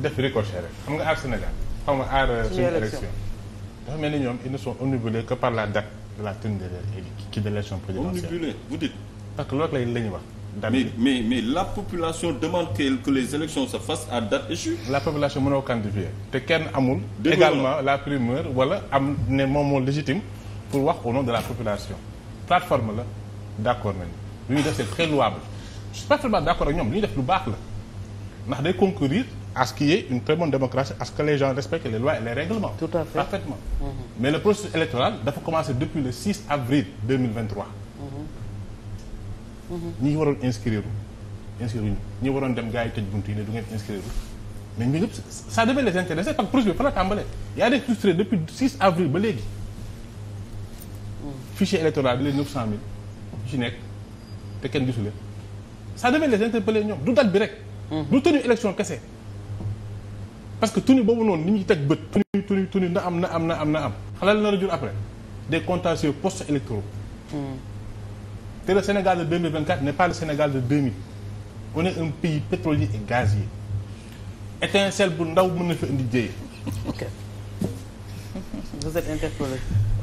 def ricochet rek xam nga aar Sénégal xam nga aar suñu élection dafa mel ni ñoom ils ne sont omnibulés que par la date de la tenue de kii présidentielle parce que loolu la ñuy wax mais mais mais la population demande que les élections se fassent à date la population mënoo quantifier te kenn amul. également la primeur wala am ne moom moo légitime pour wax au nom de la population. plateforme la d' accord nañu lu ñuy def c' est très louable je suis parfaitement d' accord ak ñoom lu ñu def lu baax la ndax day concourir à ce qu'il y ait une très bonne démocratie, à ce que les gens respectent les lois et les règlements. Tout à fait. Parfaitement. Mm -hmm. Mais le processus électoral dafa commencer depuis le avril mm-hmm. Mm-hmm. ñi waroon inscrire inscrire ñu waroon dem gars yi tëj du ngeen inscrire mais ñun ñëpp ça devait les intéresser parce que processus bi fa la tàmbalee y a des frustrés depuis 6 avril ba léegi. Mm. fichier électoral bi les 900000 ci nekk te kenn gisu leen ça devait les interpeller ñoom du date bi rek. Mm-hmm. du tenu élection kese. parce que tuni boobu noonu ni ñuy teg bët tuni tuni tuni na am na am na am na am xalal na la jur après des contentieux post électoraux hmm. te le Sénégal de 2024 n'est pas le Sénégal de 2000 on est un pays pétrolier et gazier étincelle bu ndaw mën na fa indi jéye ok vous êtes